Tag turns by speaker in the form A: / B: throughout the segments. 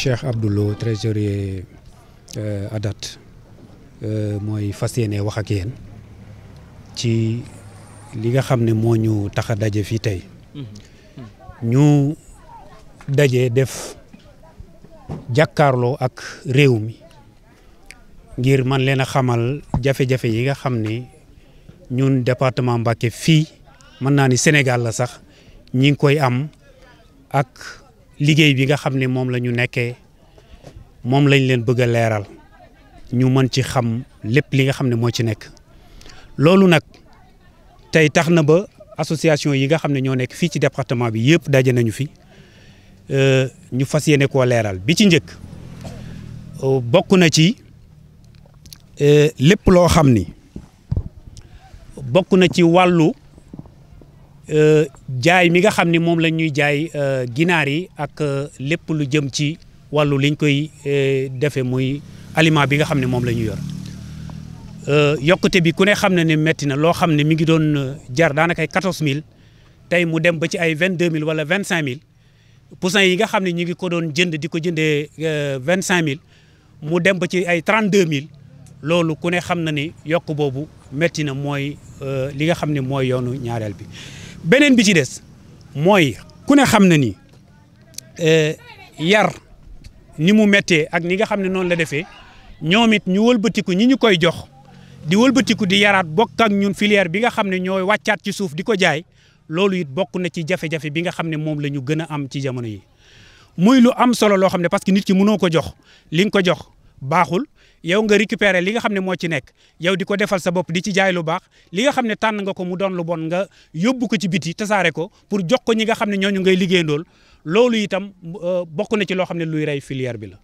A: Cheikh Abdoulou trésorier euh, ADAT euh, mooy fas yéene wax ak ci li nga xam ne moo ñu tax a daje fii tey ñu daje def jàkkaarloo ak réew mi ngir man leen a xamal jafe-jafe yi nga xam ni ñun département Mbacké fii mën naa ni Sénégal la sax ñi koy am ak liggéey bi nga xam ne moom la ñu nekkee moom lañ leen bëgg a leeral ñu mën ci xam lépp li nga xam ne moo ci nekk loolu nag tey tax na ba association yi nga xam ne ñoo nekk fii ci département bi yëpp daje nañu fi euh, ñu fas yéene koo leeral bi ci njëkk euh, bokk na ci euh, lépp loo xam ni bokk na ci wàllu Euh, jaay mi nga xam ni moom lañ ñuy jaay euh, ginaar yi ak euh, lépp lu jëm ci wàllu liñ koy defee muy aliment bi nga xam ne moom la ñu yor yokkute bi ku ne xam ne ne métti na loo xam ne mi ngi doon jar daanaka ay 14000 tey mu dem ba ci ay 22000 wala 25000 poussin yi nga xam ne ñu ngi ko doon jënd di ko jëndee 25000 mu dem ba ci ay 32000 loolu ku ne xam na ni yokk boobu métti na mooy li nga xam ne mooy yoonu ñaareel bi. beneen bi ci des mooy ku ne xam na ni eh, yar ni mu méttee ak ni nga xam ne noonu la defee ñoom it ñu wëlbatiku ñi ñu koy jox di walbatiku di yaraat bokk ak ñun filière bi nga xam ne ñooy wàccaat ci suuf di ko jaay loolu it bokk na ci jafe-jafe bi nga xam ne moom la ñu gën a am ci jamono yi muy lu am solo loo xam ne parce que nit ki mënoo ko jox li nga ko jox baaxul yow nga récupérer li nga xam ne moo ci nekk yow di ko defal sa bopp di ci jaay lu baax li nga xam ne tànn nga ko mu doon lu bon nga yóbbu ko ci biti tasaare ko pour jox ko ñi nga xam ne ñooñu ngay liggéeyandool loolu itam euh, bokk na ci loo xam ne luy rey filière bi la.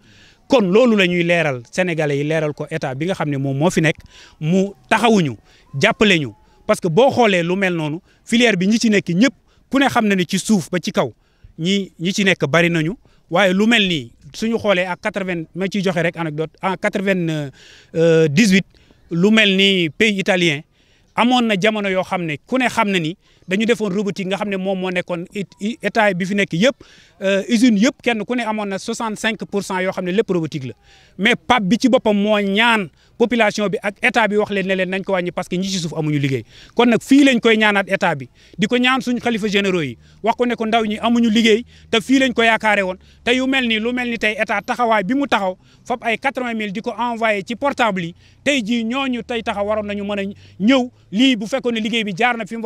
A: kon loolu la ñuy leeral sénégalais yi leeral ko état bi nga xam ne moom moo fi nekk mu taxawuñu jàppale ñu parce que boo xoolee lu mel noonu filière bi ñi ci nekk ñëpp ku ne xam na ne ci suuf ba ci kaw ñi ñi ci nekk bari nañu. waaye lu mel nii suñu xoolee ak quatre vingt ma ciy joxe rek anecdote en quatre vingt dix huit lu mel ni pays italien amoon na jamono yoo xam ne ku ne xam na ni dañu defoon robotique nga xam ne moom moo nekkoon état bi fi nekk yëpp euh, usine yëpp kenn ku ne amoon na cinq pour cent yoo xam ne lépp robotique la mais PAP bi ci boppam moo ñaan population bi ak état bi wax leen ne leen nañ ko wàññi parce que ñi ci suuf amuñu liggéey kon koy ñaanaat état bi di ko ñaan suñu xalifa généraux yi ne ko ndaw ñi amuñu liggéey te fii lañ ko yaakaare woon te yu mel nii lu mel ni tey état taxawaay bi mu taxaw fab ay 80 000 di ko envoyé ci portable yi tey jii ñooñu tey taxaw waroon na ñu a ñëw lii bu fekkoon ne liggéey bi jaar na fi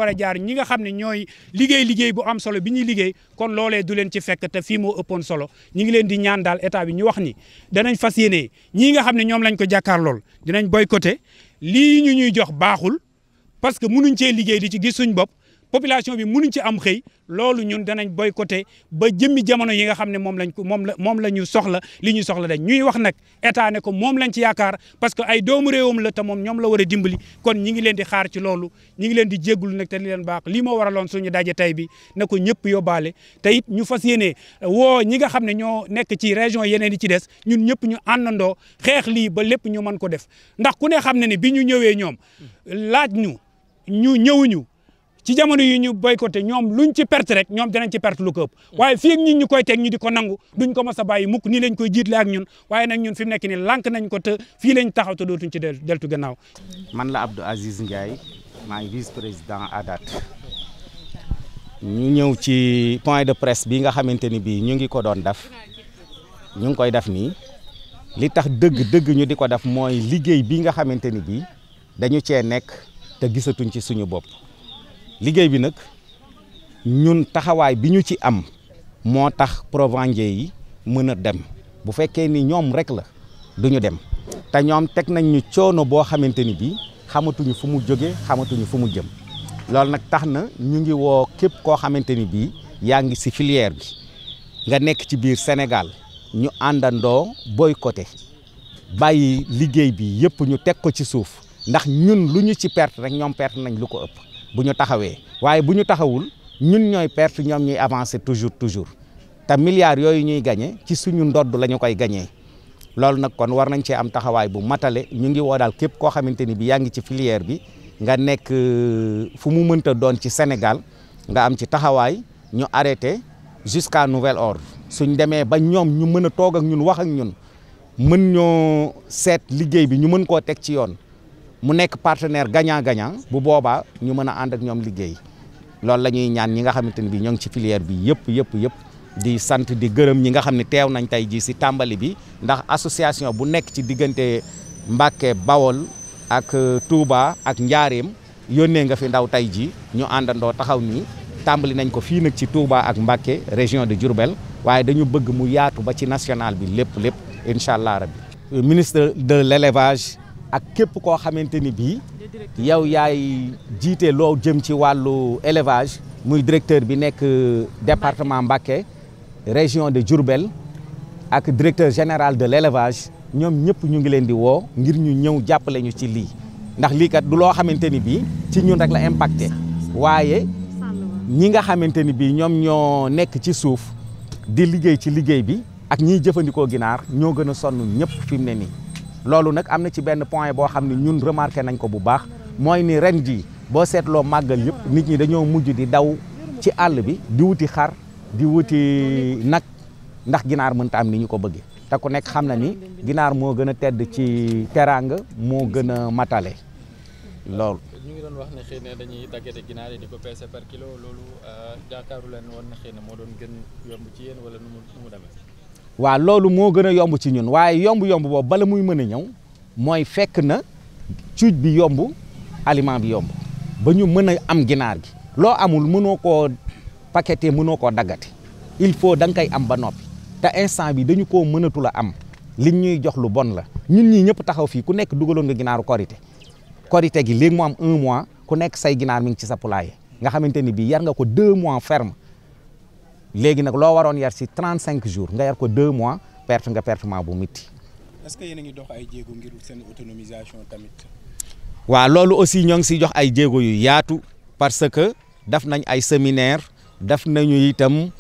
A: a xam ne ñooy liggéey liggéey bu am solo bi ñuy liggéey kon loolee du leen ci fekk te fii moo ëppoon solo ñi ngi leen di ñaan daal état bi ñu wax ni danañ fas yéene ñii nga xam ne ñoom lañ ko jàkkaar lool boy boycotté lii ñu ñuy jox baaxul parce que mënuñ cee liggéey di ci gis suñ bopp population bi mënuñ ci am xëy loolu ñun danañ boycotté ba jëmmi jamono yi nga xam ne moom lañ ko moom la moom la ñu soxla li ñu soxla dañ ñuy wax nag état ne ko moom lañ ci yaakaar parce que ay doomu réewam la te moom ñoom la war a dimbali kon ñi ngi leen di xaar ci loolu ñi leen di jéggul nag te leen baax lii moo waraloon suñu daje tey bi na ko ñëpp yóbbaale te ñu fas yéene woo ñi nga xam ne ñoo nekk ci région yeneen yi ci des ñun ñëpp ñu àndandoo xeex lii ba lépp ñu mën ko def ndax ku ne xam ne ne bi ñu ñëwee ñoom laaj ñu ñu ñëwuñu ci jamono yi ñu boycotté ñoom luñ ci perte rek ñoom danañ ci perte lu ko ëpp mm. waaye fii ak ñu koy teg ñu di ko nangu duñ ko mos a bàyyi mukk nii lañ koy jiitle ak ñun waaye nag ñun fi nekk nii lànk nañ ko te fii lañ taxaw te dootuñ ci deltu gannaaw
B: man la Abdou Aziz Ndiaye maay vice président ADAT ñu ñëw ci point de presse bii nga xamante ni bii ñu ngi ko doon def ñu ngi koy def nii li tax dëgg dëgg di ko def mooy liggéey bii nga xamante ni bii dañu cee nekk te gisatuñ ci suñu bopp liggéey bi nag ñun taxawaay bi ñu ci am moo tax provendiers yi mën a dem bu fekkee ni ñoom rek la du ñu dem te ñoom teg nañ ñu coono boo xamante ni bii xamatuñu fu mu jóge xamatuñu fu mu jëm loolu nag tax na ñu ngi woo képp koo xamante ni bii yaa ngi si filière bi nga nekk ci biir Sénégal ñu àndandoo boycotté bàyyi liggéey bi yëpp ñu teg ko ci suuf ndax ñun lu ñu ci perte rek ñoom perte nañ lu ko ëpp bu ñu taxawee waaye bu ñu taxawul ñun ñooy perte ñoom ñuy avancé toujours toujours te milliards yooyu ñuy gañe ci suñu ndodd la ñu koy gañee loolu nag kon war nañ cee am taxawaay bu matale ñu ngi woodaal képp koo xamante ni bi yaa ngi ci filière bi nga nekk euh, fu mu mënta doon ci Sénégal nga am ci taxawaay ñu arrêté jusqu'à nouvelle ordre suñ demee ba ñoom ñu mën a toog ak ñun wax ak ñun mën ñoo seet liggéey bi ñu mën koo teg ci yoon mu nekk partenaire gagnant gaña bu boobaa ñu mën a ànd ak ñoom liggéey loolu la ñuy ñaan ñi nga xamante ni bii ñoo ngi ci filière bi yëpp yëpp yëpp di sant di gërëm ñi nga xam ne teew nañ tey jii si tàmbali bi ndax association bu nekk ci diggante Mbàkke Bawol ak euh, Touba ak Njaareem yónnee nga fi ndaw tey jii ñu àndandoo taxaw ni tàmbali nañ ko fii ci Touba ak Mbàkke région de Diourbel waaye dañu bëgg mu yaatu ba ci national bi lépp lépp incha allah rabbi euh, ministre de l'élevage ak képp koo xamante ni bii yow yaay jiite loo jëm ci wàllu élevage muy directeur bi nekk euh, département Mbacké région de Diourbel ak directeur général de l'élevage ñoom ñëpp ñu ngi leen di woo ngir ñu ñëw jàppale ñu ci lii ndax lii kat du loo xamante ni bii ci ñun rek la impacté waaye ñi nga xamante ni bii ñoom ñoo nekk ci suuf di liggéey ci liggéey bi ak ñiy jëfandikoo ginaar ñoo gën a sonn ñëpp fi ne nii loolu nag am na ci benn point boo xam ne ñun remarqué nañ ko bu baax mooy ni ren jii boo seetloo màggal yëpp nit ñi dañoo mujj di daw ci àll bi di wuti xar di wuti nag ndax ginaar mënta am ni ñu ko bëggee te ku nekk xam na ni ginaar moo gën a tedd ci teraang moo gën a matale loolu. ñu ngi doon wax ne xëy na dañuy daggate ginaar yi di ko peese par kilo loolu euh, jaakaaru leen woon ne xëy na moo doon gën yomb ci yéen wala nu mu nu demee waa loolu moo gën a yomb ci ñun waaye yombu yombu boobu bala muy mën a ñëw mooy fekk na cuuj bi yomb aliment bi yomb ba ñu mën a am ginaar gi loo amul mënoo koo paqueté mënoo koo daggati il faut da nga koy am ba noppi te instant bi dañu koo mënatul a am liñ ñuy jox lu bon la ñun ñii ñëpp taxaw fii ku nekk dugaloon nga ginaaru korité korité gi léegi mu am un mois ku nekk say ginaar mi ngi ci sa poulailler nga xamante ni bii yar nga ko deux mois ferme léegi nag loo waroon yar si cinq jours nga yar ko 2 mois perte nga pertement bu métti.
A: est que yéen a ngi dox ay jéego ngir seen autonomisation tamit.
B: waaw loolu aussi ñoo ngi siy jox ay jéego yu yaatu parce que daf nañ ay séminaire daf nañu itam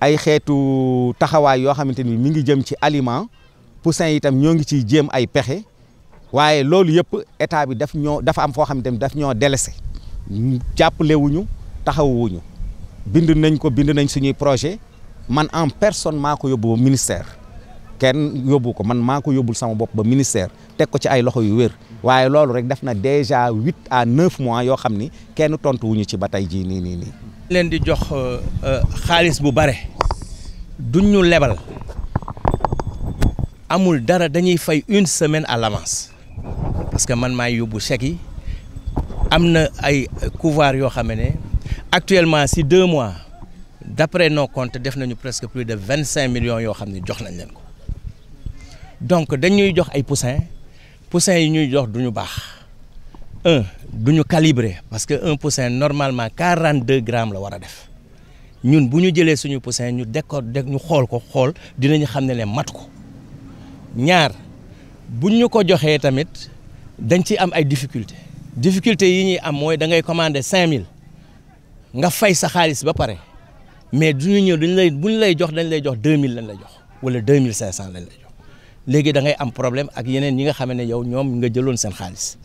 B: ay xeetu taxawaay yoo xamante ni mi ngi jëm ci aliment poussin itam ñoo ngi ci jéem ay pexe waaye loolu yëpp état bi daf ñoo dafa am foo xamante ni daf ñoo délaissé jàppalewuñu taxawuñu. bind nañ ko bind nañ suñuy projet man en personne maa ko yóbbu ba ministère kenn yóbbu ko man maa ko yóbbul sama bopp ba ministère teg ko ci ay loxo yu wér waaye loolu rek def na déjà huit à neuf mois yoo xam ni kenn tontu wuñu ci ba tey jii nii nii nii.
C: leen di jox euh, xaalis bu bare duñ ñu lebal amul dara dañuy fay une semaine à l'avance parce que man maay yóbbu seki am na ay couvoir yoo xam ne. actuellement si deux mois d'après nos comptes def nañu presque plus de vingt cinq millions yoo xam ne jox nañ leen ko donc dañuy jox ay poussins poussins yi ñuy jox du ñu baax un du ñu calibré parce que un poussin normalement quarante deux grammes la war a def ñun bu ñu jëlee suñu poussin ñu décor deg ñu xool ko xool dinañu xam ne leen mat ko ñaar bu ñu ko joxee tamit dañ ci am ay difficultés difficultés yi ñuy am mooy da ngay commandé cinq mille nga fay sa xaalis ba pare mais du ñu ñëw dañ lay bu ñu lay jox dañ lay jox 2000 lañ lay jox wala 2500 lañ lay jox léegi da ngay am problème ak yeneen yi nga xam ne yow ñoom nga jëloon seen xaalis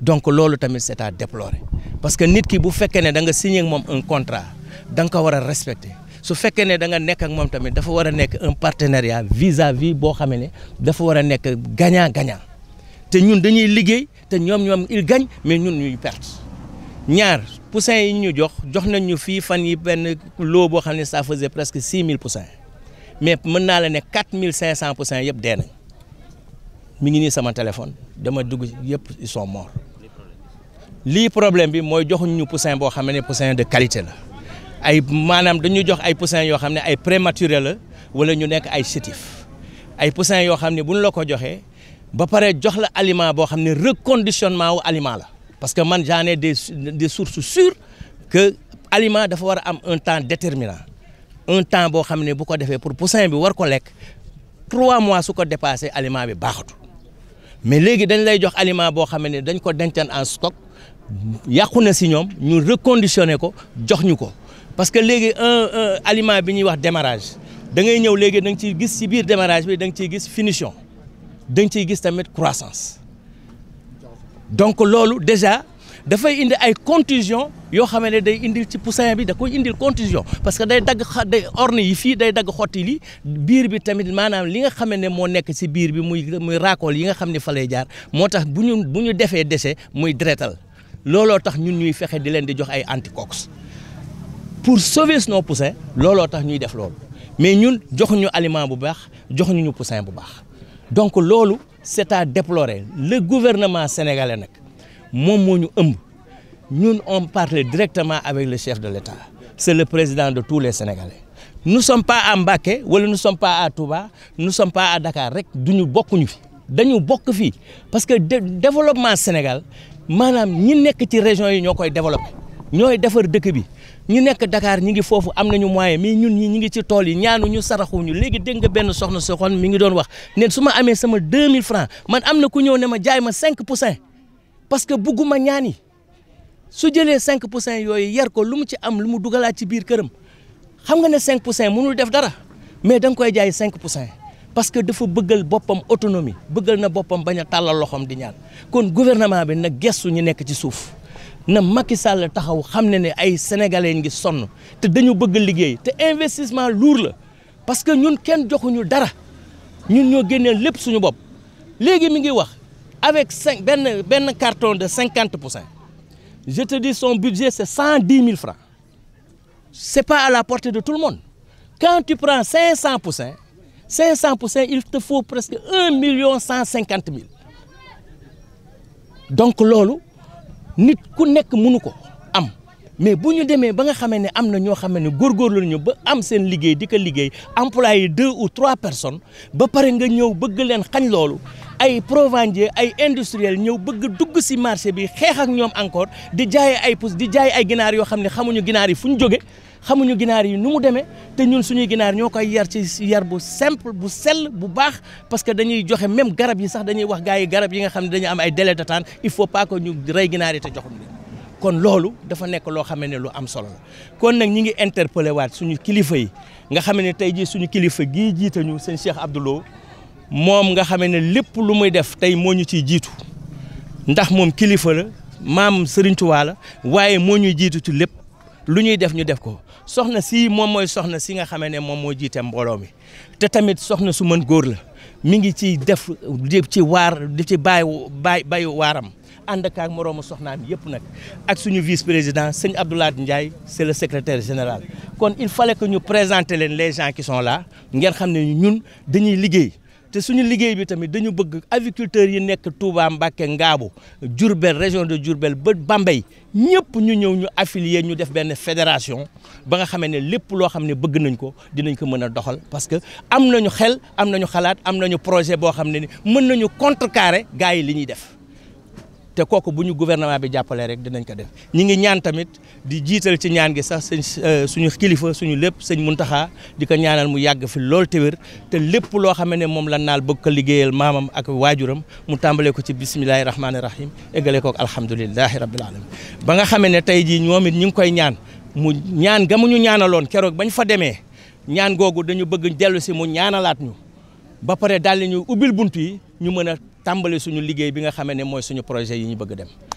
C: donc loolu tamit c'est à déplorer parce que nit ki bu fekkee ne da nga signé moom un contrat da ko war a respecter su fekkee ne da nekk ak moom tamit dafa war a nekk un partenariat vis-à-vis boo xamee ne dafa war a nekk gagnant gagnant te ñun dañuy liggéey te ñoom ñoom il gagne mais ñun ñuy perte ñaar. poussins yi ñu jox jox nañ ñu fii fan yi benn lot boo xam ne ça presque six mille poussins mais mën naa la ne quatre mille cinq cent poussins yëpp dee nañ mu ngi nii sama téléphone dama dugg yëpp ils sont lii problème bi mooy joxuñ ñu poussin boo xam ne poussin de qualité la ay maanaam dañu jox ay poussins yoo xam ne ay prématuré la wala ñu nekk ay chétif ay poussins yoo xam ne buñ la ko joxee ba pare jox la aliment boo xam ne reconditionnement wu aliment la. parce que man j'en ai des des sources sûres que aliment dafa war a am un temps déterminant un temps boo xam ne bu ko defee pour poussin bi war ko lekk trois mois su ko dépassé aliment bi baaxatu mais léegi dañ lay jox aliment boo xam ne dañ ko dencan en stock yàqu na si ñoom ñu reconditionné ko jox ñu ko parce que léegi un aliment bi ñuy wax démarrage da ngay ñëw léegi da nga ciy gis si biir démarrage bi da nga ciy gis finition da nga ciy gis tamit croissance donc loolu déjà dafay indi ay contusion yoo xam ne day indi ci poussin bi da koy indil contusion parce que day dagg day orne yi fii day dagg xotti yi biir bi tamit maanaam li nga xam ne moo nekk si biir bi muy muy raakool yi nga xam ni fa jaar moo tax bu ñu bu ñu defee déchet muy drétal looloo tax ñun ñuy fexe di leen di jox ay anticox pour sauver nos poussins looloo tax ñuy def loolu mais ñun joxuñu aliment bu baax joxuñu ñu poussin bu baax donc loolu. c'est à déplorer le gouvernement sénégalais nag moom moo ñu ëmb ñun on parle directement avec le chef de l'État c'est le président de tous les sénégalais nous sommes pas à Mbacké wala nu sommes pas à Touba nous sommes pas à Dakar rek duñu bokkuñu fi dañu bokk fii parce que développement Sénégal maanaam ñi nekk ci région yi ñoo koy développer ñooy defar dëkk bi ñu nekk dakaar ñi ngi foofu am nañu moyen mais ñun ñi ñi ngi ci tool yi ñaanu ñu saraxuñu léegi dégg nga benn soxna soxoon mu ngi doon wax ne su ma amee sama 2000 francs man am na ku ñëw ne ma jaay ma 5 pour cent parce que ma ñaani su jëlee 5 pour cent yooyu yar ko lu mu ci am lu mu dugalaat ci biir këram xam nga ne 5 pour cent mënul def dara mais danga koy jaay 5 pour cent parce que dafa bëggal boppam autonomie bëggël na boppam baña a tàllal loxoom di ñaan kon gouvernement bi nag gestu ñu nekk ci suuf. na Macky Sall taxaw xam ne ne ay sénégalais ngi sonn te dañu bëgg liggéey te investissement lourd la parce que ñun kenn joxuñu dara ñun ñoo génnee lépp suñu bopp léegi mi ngi wax avec cinq benn benn carton de cinquante pour cent je te dis son budget c'est cent dix mille francs c'est pas à la portée de tout le monde quand tu cinq cent pour cent cinq cent pour cent il te faut presque un million cent cinquante mille donc loolu nit ku nekk mënu ko am mais bu ñu demee ba nga xamee ne am na ñoo xamee ne góorgóorlu nañu ba am seen liggéey di ko liggéey employé de ou trois personnes ba pare nga ñëw bëgg leen xañ loolu ay provendier ay industriel ñëw bëgg dugg si marché bi xeex ak ñoom encore di jaay ay pousse di jaay ay ginaar yoo xam ne xamuñu ginaar yi fu ñu jóge xamuñu ginaar yi nu mu demee te ñun suñuy ginaar ñoo koy yar ci yar bu simple bu sell bu baax parce que dañuy joxe même garab yi sax dañuy wax gaa yi garab yi nga xam ne dañu am ay délai d'attente il faut pas que ñu rey ginaar te joxuñu kon loolu dafa nekk loo xam ne lu am solo la kon nag ñi ngi interpellé waat suñu kilifa yi nga xam ne tey jii suñu kilifa gii jiitañu seen Cheikh Abdoulaye moom nga xam ne lépp lu muy def tey moo ñu ciy jiitu ndax moom kilifa la maam Serigne la waaye moo ñuy jiitu ci lépp. lu ñuy def ñu def ko soxna si moom mooy soxna si nga xamee ne moom moo jiite mbooloo mi te tamit soxna su man góor la mi ngi ci def di ci waar di ci bàyyi bàyyi bàyyi waaram ànd ak moroomu soxnaam yëpp nag ak suñu vice président sëñ Abdoulaye Ndiaye c'est le secretaire général kon il fallait que ñu présenter leen les la ngeen xam ne ñun dañuy liggéey. te suñu liggéey bi tamit dañu bëgg aviculteurs yi nekk Touba Mbacké Ngaabu Diourbel région de Diourbel ba Bambey ñëpp ñu ñëw ñu affilier ñu def benn fédération ba nga xamee ne lépp loo xam ne bëgg nañ ko dinañ ko mën a doxal parce que am nañu xel am nañu xalaat am nañu projet boo xam ne ni mën nañu contre contrecarrer gars yi li ñuy def te kooku bu ñu gouvernement bi jàppalee rek dinañ ko def ñi ngi ñaan tamit di jiital ci ñaan gi sax sëñ euh, suñu kilifa suñu lépp sëñ taxaa di ko ñaanal mu yàgg fi loolu te te lépp loo xam ne moom la naal bëgg ko liggéeyal maamam ak waajuram mu tàmbalee ko ci bisimilahi rahmaani rahim eggale ko ak alhamdulilahi rabbil alamin ba nga xamee ne tey jii ñoom it ñu ngi koy ñaan mu ñaan gamuñu ñaanaloon keroog bañ fa demee ñaan googu dañu bëgg dellu si mu ñaanalaat ñu ba bunt yi ñu mën a tàmbali suñu liggéey bi nga xamee ne mooy suñu projet yi ñu bëgg dem